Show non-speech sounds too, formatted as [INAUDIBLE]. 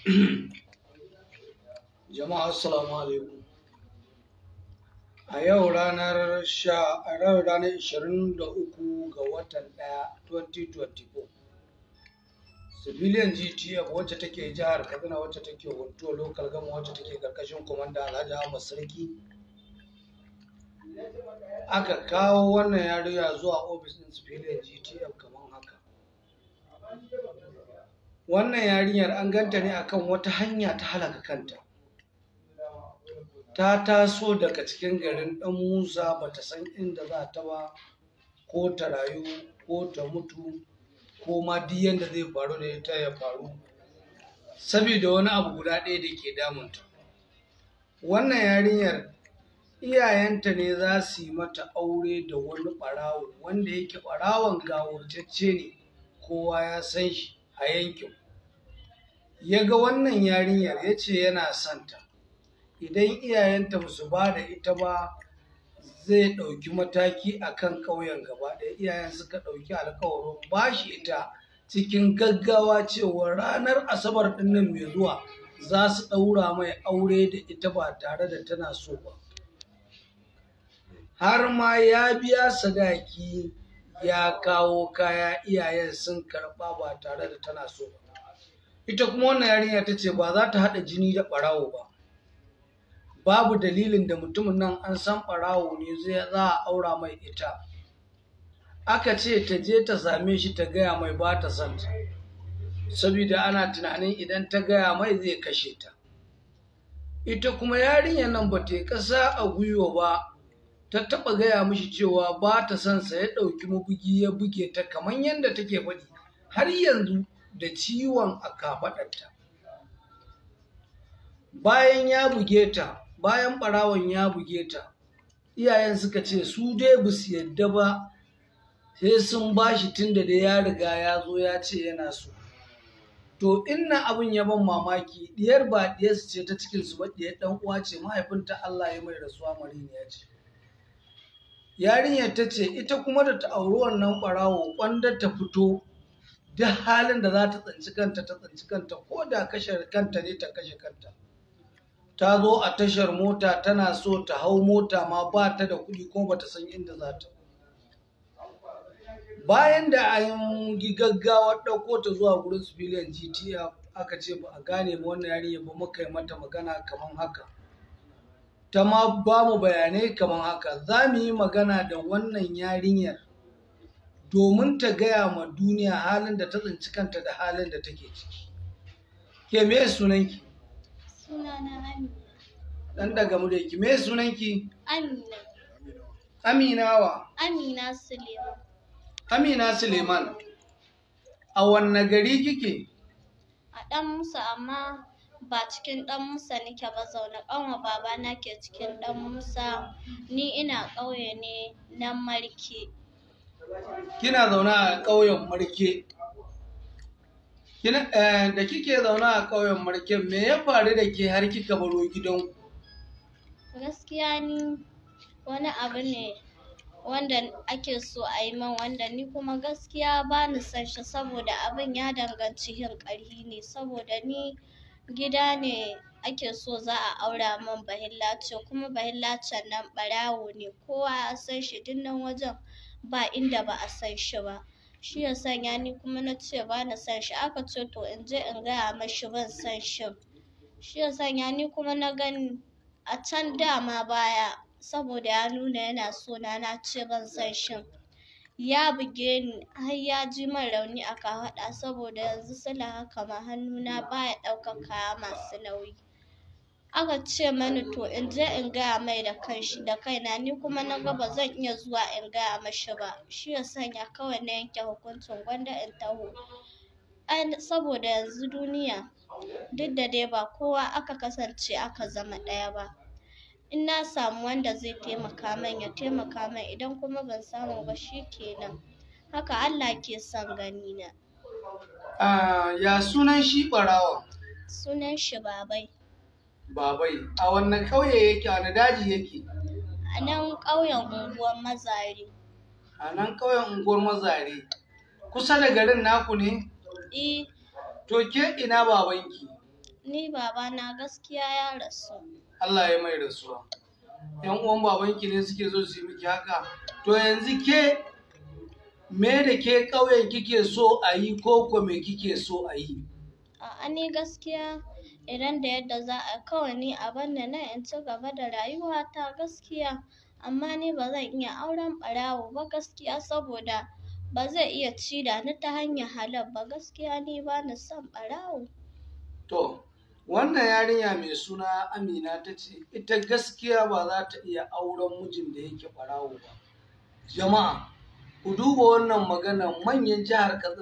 [CLEARS THROAT] jama'a assalamu alaikum a yau ranar sha a yau ranar 23 ga watan 1 2024 civilian gtf wacce take jihar kaduna wacce take hunto local gama wacce take karkashin komanda alhaji ahmad sarki aka kawo wannan yariya zuwa ofis din civilian gtf kamar wannan yarinyar an ganta ne kan wata hanya ta halaka kanta ta taso daga cikin garin ɗan musa ba ta san inda za ta ba ko ta rayu ko ta mutu ko ma yadda zai faru da ita ya faru saboda wani abu guda ɗaya da ke damunta wannan yarinyar iyayenta ne za su yi mata aure da wani ɓarawo wanda yake ɓarawon gawurtacce ne kowa ya san shi a yankin ya ga wannan yarinyar ya ce yana santa idan iyayenta ba su ba da ita ba zai ɗauki mataki a kan ƙauyen gaba ɗaya iyayen suka ɗauki alkawarin ba shi ita cikin gaggawa cewa ranar asabar ɗinnan mai zuwa za su ɗaura mai aure da ita ba tare da tana so ba har ma ya biya sadaki ya kawo kaya iyayen sun karɓa ba tare da tana so ba ita kuma wannan yarinya ta ce ba za ta haɗa jini da ɓarawo ba babu dalilin da mutumin nan an san ɓarawo ne zai za a aura mai ita aka ce ta je ta same shi ta gaya mai ba ta son ta saboda ana tunanin idan ta gaya mai zai kashe ta ita kuma yarinya nan ba ta yi kasa a gwiwa ba ta taɓa gaya mishi cewa ba ta son sa ya ɗauki mabugi ya buge ta kamar yadda take faɗi har yanzu da ciwon a kafaɗarta. Bayan ya buge ta, bayan ɓarawon ya buge ta, iyayen suka ce su dai ba su yadda ba sai sun ba shi tunda da ya riga ya zo ya ce yana so. To inna abin ya ban mamaki, ɗiyar ba su ce ta cikin ba diyar ɗan uwa ce mahaifinta Allah ya mai rasuwa mariniya ce. yarinyar ta ce ita kuma da ta auri wannan ɓarawo ƙwandar ta fito duk halin da za ta tsinci kanta ta tsinci kanta ko da kashe kanta ne ta kashe kanta ta zo a tashar mota tana so ta hau mota ma ba ta da kuɗi ko ba ta san inda za ta bayan da a yi gaggawa ɗauko ta zuwa gurin civilian gta aka ce ba a gane ba wannan yarinya ba muka yi mata magana kamar haka ta ma ba mu bayanai kamar haka za mu yi magana da wannan yarinyar domin ta gaya ma duniya halin da ta tsinci kanta da halin da take ciki ke me sunanki sunana amina dan daga mu ki me sunanki amina aminawa amina suleiman amina suleiman a wanne gari kike a dan musa amma ba cikin ɗan Musa nake ba zaune ƙanwa babana ke cikin ɗan Musa ni ina ƙauye ne na Marke. kina zaune a ƙauyen marke eh, da kike zaune a ƙauyen marke me ya faru da ke har kika baro gidanku gaskiya ni wani abu ne wanda ake so a yi man wanda ni kuma gaskiya ba ni shi saboda abin ya danganci yin ƙarhi ne saboda ni gida ne ake so za a aura man bahillacin kuma bahillacin nan ɓarawo ne kowa ya san shi duk wajen ba inda ba a san shi ba shi ya sanya ni kuma na ce ba na san shi aka ce to in je in gaya mashi ban san shi shi ya sanya ni kuma na gani a can dama baya saboda ya nuna yana sona na ce ban san shi ya buge ni har ya ji man rauni a kafaɗa saboda yanzu suna haka ma hannuna baya ɗaukar kaya masu nauyi aka ce mani to in je in gaya mai da da na ni kuma na ga ba zan iya zuwa in gaya mashi ba shi ya sanya kawai na yanke hukuncin gwanda in taho saboda yanzu duniya duk da dai ba kowa aka kasance aka zama ɗaya ba in na samu wanda zai taimaka min ya taimaka min idan kuma ban samu ba shi kenan haka Allah ke son gani ganina. Ah, ya sunan shi ɓarawa? Sunan shi babai. Babai, a wanne ƙauye yake, a wani daji yake? A nan ƙauyen unguwar mazari. A nan ƙauyen unguwar mazari. Kusa da garin naku ne? Eh. To ke ina babanki? Ni babana gaskiya ya rasu. Allah ya mai rasuwa. ‘Yan uwan babanki ne suke zo su yi miki haka. To yanzu ke me da ke ƙauyen kike so a yi ko kuma me kike so a yi? A'a ni gaskiya idan da yadda za a kawai ni a banda nan in ci gaba da rayuwa ta gaskiya amma ni ba zan iya auren ɓarawo ba gaskiya saboda ba zai iya ci da ni ta hanyar halal ba gaskiya ni ba ni son ɓarawo. To, wannan yarinya mai suna Amina ta ce ita gaskiya ba za ta iya auren mijin da yake ɓarawo ba. Jama'a, ku duba wannan magana manyan jihar Katsina.